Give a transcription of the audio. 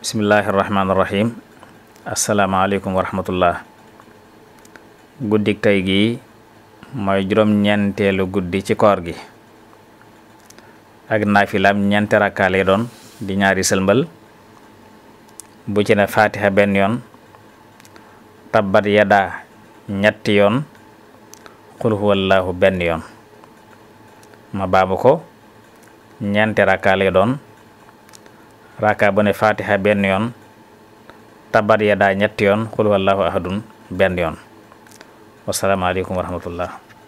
bismillahi rahmaani rahim asalaamaaleykum wa rahmatullah guddik tey gi mooy juróom-ñeenteelu guddi ci koor gi ak naafilaam ñeenti rakkaa doon di ñaari sëlmbal bu ci ne faatiha benn yoon tabbat yadaa ñetti yoon qul huwallaahu benn yoon ma baamu ko ñeente rakkaa doon raaka bu ne fatiha benn yoon tabat ya daa ñetti yoon xul wallahu ahadun benn yoon wasalaamaaleykum wa rahmatullah